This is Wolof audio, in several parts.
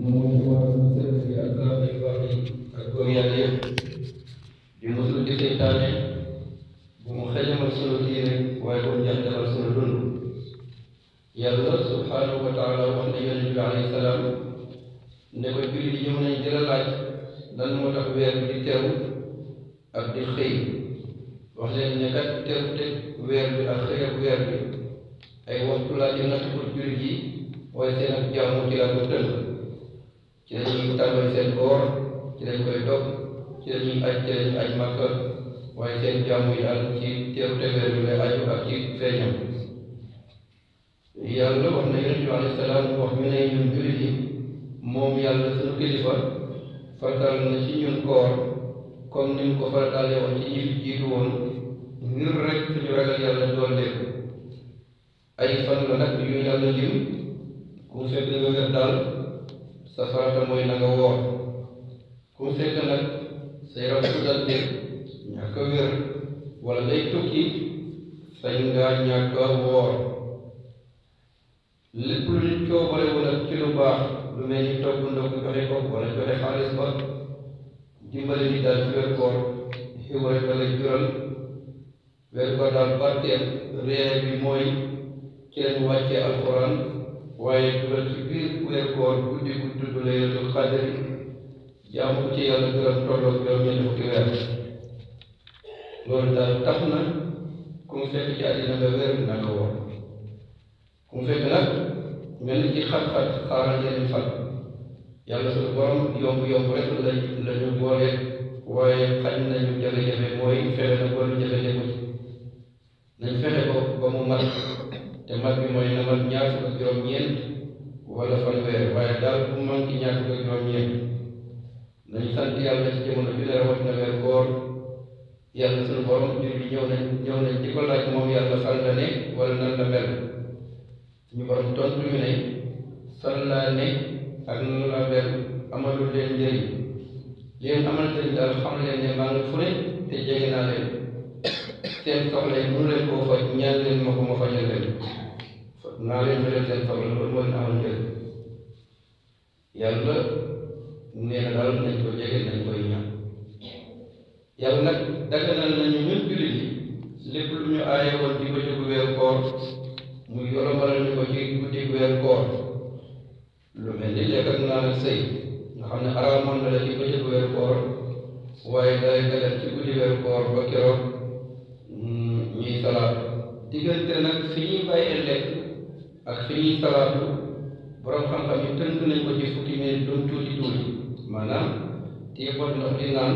moom mooy war a musal ci alquran yu baax yi ak góor yàlla yëpp di musul ci seytaane bu mu xajamal solo diine waaye bu mu jàngalal solo dund yàlla subhanahu wa taala wax na yonent bi alayhi salaam ne ko jullit yi ñëw nañ di la laaj lan moo tax weer bi di teew ak di xëy wax leen ne kat teew te weer bi ak xëy ak weer bi ay waxtu laa ci natt pour jullit yi waaye seen ak jàmm ci laa ci la ñuy tàllal seen koor ci lañ koy dog ci aj ci aj màkka waaye seen jàmm yi daal ci teeru teweer bi lay aju ak ci feeñam yàlla wax na yonent bi alayhi salaam wax ñu ne ñun jullit moom yàlla suñu kilifa fartal na ci ñun koor comme ni mu ko farataale woon ci ñi fi jiitu woon ngir rek suñu ragal yàlla doolleeku ay fan la nag yu yàlla lim farata mooy na nga woor ku fekk say ram sudal bi ñàkk a wala lay tukki sañ nga ñàkk a woor lépp lu nit wala ci lu baax lu mel ni togg wala joxe xaalis ba dimbale ni daal ci wér koor xiwal da la jural wér koor daal barkeel réer bi waaye dugal ci biir weer koor guddi gu tudd laylatul qadri jaamu ko ci yàlla gërëm tolloog juróom ñeent fukki weer loolu daal tax na ku mu fekk ci àddina nga weer na nga woor ku mu fekk nag mel ni ci xat-xat xaaral yeneen fan yàlla suñu borom yomb-yomb rek la la ñu boole waaye xaj nañu jafe-jafe mooy fexe na boolu jafe-jafe nañ fexe ko ba mu mat te mag bi mooy na mag ñaar fukk ak juróom-ñeent wala fanweer waaye daal bu mu manqué ñaar fukk ak juróom-ñeent nañu sant yàlla ci jamono bi la rawat na weer koor yàlla sunu borom jur bi ñëw nañ ñëw nañ di ko laaj moom yàlla fan la ne wala nan la mel suñu borom tontu ñu ne fan laa ne ak nan la mel amalul leen njëriñ leen amal leen daal xam leen ne maa ngi fu ne te jege naa leen seen soxla yi mënu leen koo faj ñaan leen ma ko naa leen jëlee seen soxla loolu mooy amal njëriñ yàlla nee na daal nañ ko jege nañ koy ñaan yàlla nag daganal nañu ñun jullit yi ñu aaye woon ci bëccëgu weer koor muy yolombal ñu ko ci guddi weer koor lu mel ni lekk ak naan ak sëy nga ne araamoon na la ci bëccëgu weer koor waaye day dagan ci guddi weer koor ba keroog mm, ñuy salaat diggante nag fi ñuy bàyyi Lakini sababu borom xam-xam yi tënk nañ ko ci fukki minute lu tuuti tuuti maanaam téye pot ndox di naan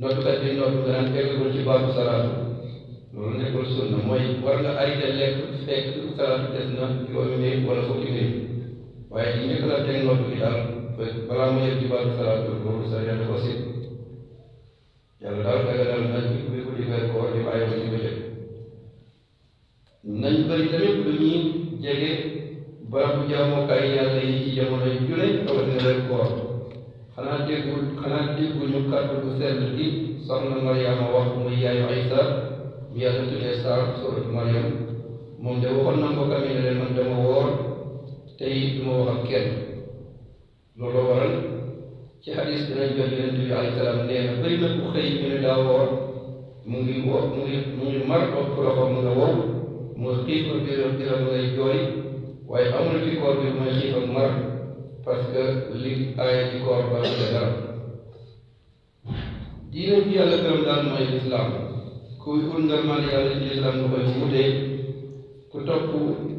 noddukat bi noddu nga naan teggagul ci baabu salaatu loolu nekkul sunna mooy war nga arrêté lekk fekk salaatu des na juróomi minute wala fukki minute waaye ci njëkk la teg noddu bi daal balaa mu yëg ci baabu salaatu loolu sa yàlla ko si yàlla daal daga daal nañ ci ubbi ko di weer koor di bàyyi ko ci bëccëg nañ bëri tamit lu ñuy jege barab jaamukaay yàlla yi ci jamono ju ne rawatina rek koor xanaa déggul xanaa dégguñu kàddu bu sell gi soxna Mariama wax muy yaayu Isa mi yàlla tuddee so surat Mariam moom de waxoon na mbokkam yi ne leen man dama woor tey du ma wax ak kenn looloo waral ci xadis dinañ jox yonent bi alayhi salaam nee na bëri na ku xëy ñu ne daa mu ngi wo mu ngi mu ngi mar bopp mu nga wow mooy xiif ak biiram biiram ngay jooy waaye amul ci koor bi mooy xiif ak mar parce que li aaya ci koor ba la dara diine bi yàlla gërëm daal mooy lislaam kuy ut ngërmaan yàlla ci lislaam nga koy wutee ku topp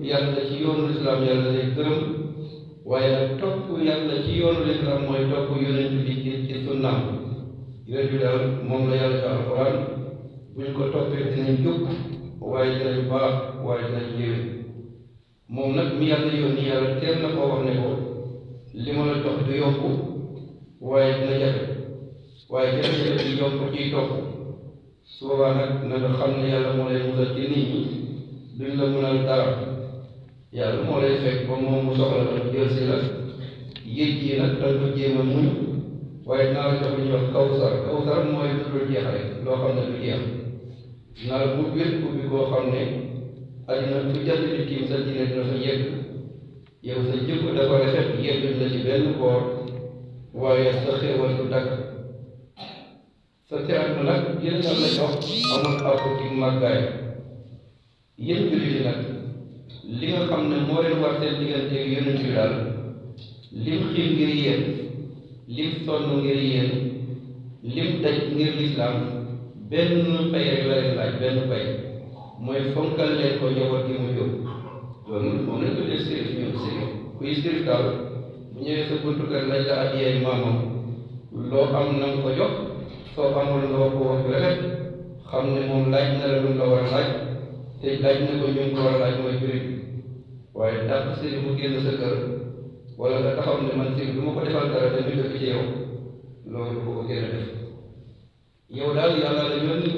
yàlla ci yoonu lislaam yàlla lay gërëm waaye topp yàlla ci yoonu lislaam mooy topp yonent bi ci ci sunnaam yonent bi daal moom la yàlla ci alquran buñ ko toppee dinañ jóg waaye danañ baax waaye danañ yéwén moom nag mi yàlla yónni yàlla teel na koo ne ko li ma la jox du yokku waaye dina jafe waaye jafe-jafe bi yokk ciy topp su boobaa ne yàlla moo lay musal ci nit ñi duñ la mënal dara yàlla moo lay ba moom mu soxla la jël si la yéeg yi nag da nga ko jéem a muñ waaye naa la jox li ñuy wax kawsar kawsar mooy lu dul jeex rek loo xam ne du naar bu wér ubbi koo xam ne adduna fu jant nit ki sa diine dina fa yegg yow sa jëpp dafa rafet yegg la ci benn boor waaye sa xéewal du dagg sa teewlu nag yéen la jox amul àpp ci màggaay yéen jullit yi nag li nga xam ne moo leen war seen diggante ak yonent bi daal lim xiir ngir yéen lim sonn ngir yéen lim daj ngir lislaam benn pay rek la leen laaj benn pay mooy fonkal leen ko njaboot gi mu jóg loolu moom lañ ko def sérif ñoom sérif kuy sérif daal bu ñëwee sa buntu kër lañ la adiyee maamam loo am na nga ko jox soo amul nga wax ko wax rafet xam ne moom laaj na la lu la war a laaj te laaj na ko ñu ko war a laaj mooy jurit waaye dàq sérif mu génn sa kër wala nga taxaw ne man sérif du ma ko defal dara te ñu dëkk ci yow loolu bu ko gën yaw daal yàlla la yónni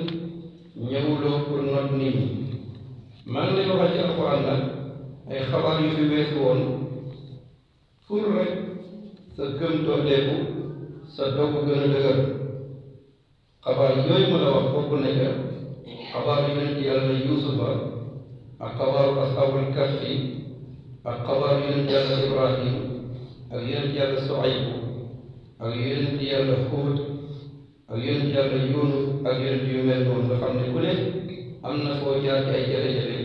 ñëwuloo pour not nit ñi maa ngi lay ay xabaar yu weesu woon pour sa gëm dolleeku sa dogg gën a dëgër yooyu ma la wax bokk na ca xabaar yonent yàlla yuusufa ak xabaaru asxaabul kahfi ak xabaar yonent yàlla ibrahim ak yonent yàlla suaybu ak yonent yàlla ak yonent yàlla Yuunus ak yonent yu mel noonu nga xam ne ku ne am na koo jaar ci ay jafe-jafe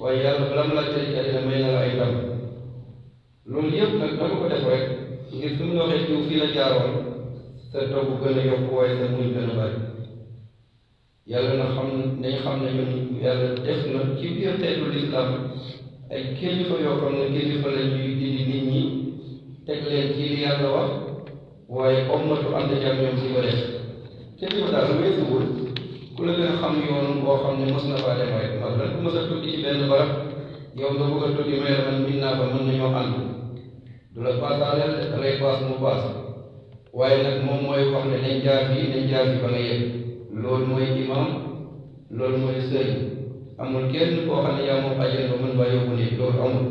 waaye yàlla bala mu la tëj àddina may na la ay ndam loolu yëpp nag dama ko def rek ngir su mu la waxee jiw fii la jaaroon sa togg gën a yokk waaye sa muy gën a bari yàlla na xam nañ xam ne ñun yàlla def na ci biir teetu lislaam ay kilifa yoo xam ne kilifa la ñuy dindi nit ñi teg leen ci li yàlla wax waaye ommatu ànd ak ñoom ci ko def te li ma daal wéetuwul ku la gën a xam yoon boo ne mos na faa dem waaye masalan ku mos a tukki ci benn barab yow nga bëgg a tukki may man min naa fa mën nañoo ànd du la paasaaleel da ngay paas mu paas waaye nag moom mooy wax ne nañ jaar fii nañ jaar fii ba nga yegg loolu mooy imam loolu mooy sëriñ amul kenn koo xam ne yaa moom ajal ba mën baa yóbbu nit loolu amul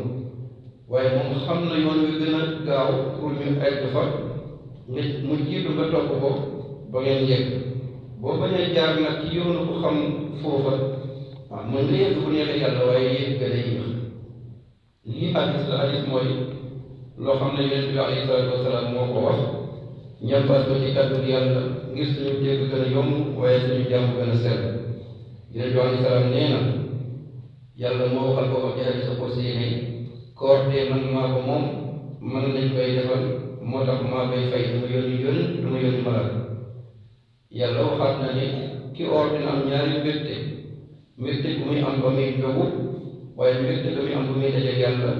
waaye moom xam na yoon wi gën a gaaw pour ñu egg fa nga mu jiitu nga topp ko ba ngeen yegg boo bañee jaar nag ci yoonu ko xam foofa waaw mën nga yegg bu neexee yàlla waaye yegg day yéex lii hadis la hadis mooy loo xam ne yonent bi alayhi salaatu wasalaam moo ko wax ñambaat ko ci kàddu yàlla ngir suñu dégg gën a yomb waaye suñu jàmm gën a sell yonent bi alayhi salaam nee na yàlla moo waxal ko wax ci hadis ko si ne koor dee man maa ko moom man lañ koy defal moo tax maa koy fay du ma yónni yónni du ma yónni malaat ni ki jalauhatnani kiordin ang nyari birte muy kumi ang pamit jogu waya mirte kumi ang pamit aja gyalla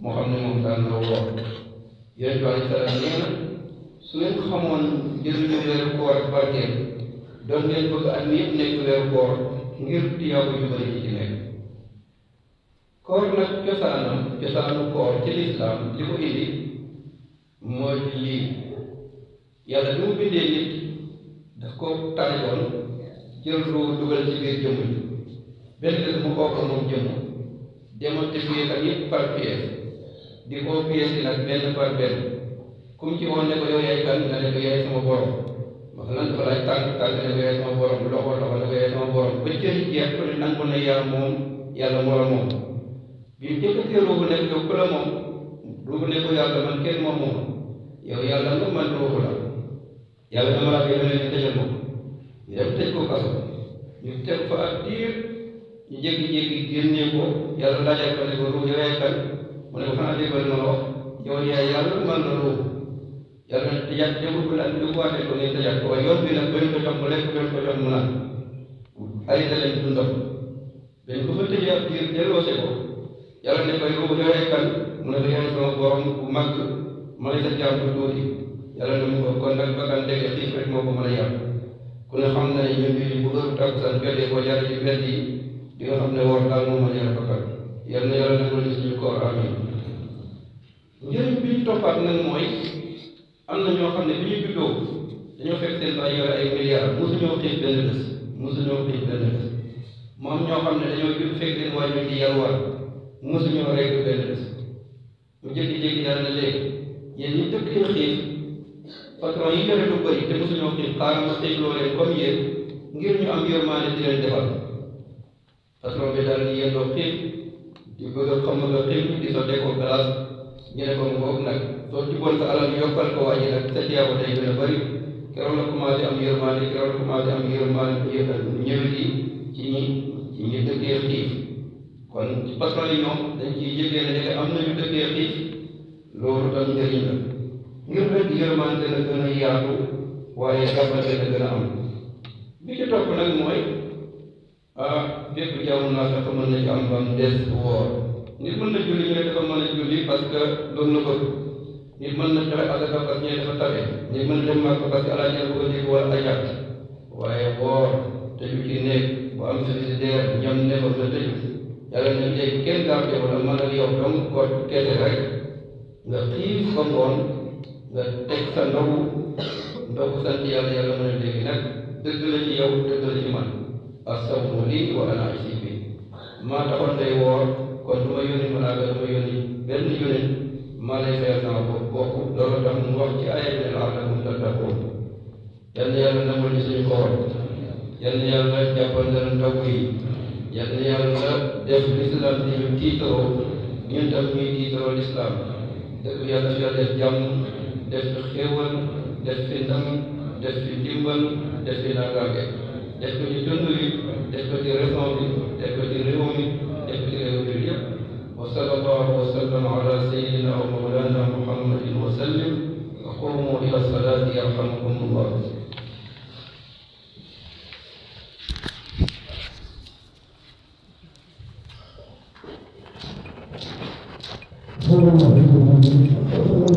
muhammed muhtan allah ya jwali taraniya sulen xamone jëru ñu wéru koor barke doon ngeen bëgg at mi yëpp nekk wéru koor ngir tiyaa ko ju bëri ci ci nekk koor nag cosaanam cosaanu koor ci lislaam li ko indi mooy lii yàlla bi mu bindee nit daf ko tànnoon jël lu dugal ci biir jëm ji benn bés mu oo ko jëm jëmm demonte biir ak yépp par pièce di ko pièce yi nak benn par benn kum ci won ne ko yow yaay kan nga ko yaay sama borom wax lan ko laaj tan tan ne ko yaay sama borom loxo ko ne ko yaay sama borom ba cëri jeex ko ne nangu na yàlla moom yàlla moo la moom bi mu jëkkatee ruubu nek ko ku la moom ruubu nek ko yalla man kenn moom moom yow yalla nga man ko la yàlla damaa ak yeneen ñu tëjal ko ñu dem tëj ko kaso ñu teg fa ak diir ñu jékki-jékki génnee ko yàlla laajal ko ne ko ruux yow yaay kan mu ne na wax yow yaay yàlla man la ruux yàlla tëjaat ko daal di waatee ko yoon bi nag bañ ko jox lekk bañ ko jox mu naan arrêté lañ dundam dañ ko fa tëjee ak diir delloose ko yàlla ne ko yow yaay kan mu ne ko yaay sama borom bu mag ma lay sa jaam ko dóori yàlla na ko kon nag bakkan dégg xiif rek moo ko mën a yàq ku ne xam ne ñu ngi bu doon takkusaan feddee ko jaar ci mbedd di nga xam ne war daal moo mën a yàq bakkan yàlla na yàlla nangul amin njëriñ bi ñu toppaat nag mooy am na bi ñu juddoo dañoo fekk seen baay yore ay milliards mosuñoo xiif benn bés mosuñoo xiif benn bés moom ñoo xam di mu ñu patron yi yore lu bëri te mosuñoo xiif xaaral ma teg loolee comme yéen ngir ñu am yërmaande di leen defal patron bi daal di yendoo xiif di bëgg a xam nga xiif di sottee ko glace ñu ne ko mu ngoog nag soo jubal sa alal yokkal ko waa ji nag sa tiyaabo day gën a bëri keroog la commencé am yërmaande keroog la commencé am yërmaande ñëwee ci ci ñi ci ñi dëkkee xiif kon patron yi ñoom dañ ciy yëgee ne am nañu dëkkee xiif loolu tam njëriñ la يلد يمانتنا كنا ياكو ويكبتنا كنا أم بيجتو كنا موي def jaamu naa dafa mën na ci am bam des woor nit mën na julli mais dafa mën a julli parce que doon na ko nit mën na tawe asaka parce que ñee dafa tawe nit mën na dem màkk parce que alaaji ko dégg wala ay yàq waaye woor tëju ci néeg bu am frigidaire ñam ne fa sa tëju yàlla na léegi kenn daa yow la mën a yow dong ko kese rek nga xiif sa ngoon nga teg sa ndogu ndogu sant yàlla yàlla mën a léegi nag dëgg la ci yow dëgg la ci man asawmu lii wa ana asi bi maa taxoon day woor kon du ma yónni malaaka du ma yónni benn yónni maa lay fayal sama bopp bopp loolu tax mu wax ci ayat ne la'allakum tattaqoon yal na yàlla nangul ñu suñu koor yal na yàlla jàppandal ndogu yi yal na yàlla def lislaam di ñu tiitaroo ñun tam ñuy tiitaroo lislaam dëgg yàlla fi yàlla def jàmm def xéewal def fi ndam def fi dimbal def fi nangaage def ko ci dund bi def ko ci région bi def ko ci réew mi def ko ci réew mi yëpp wa sallallahu wa sallam ala sayyidina wa mawlana muhammadin wa sallim wa qumu ila salati yarhamkumullah Thank you.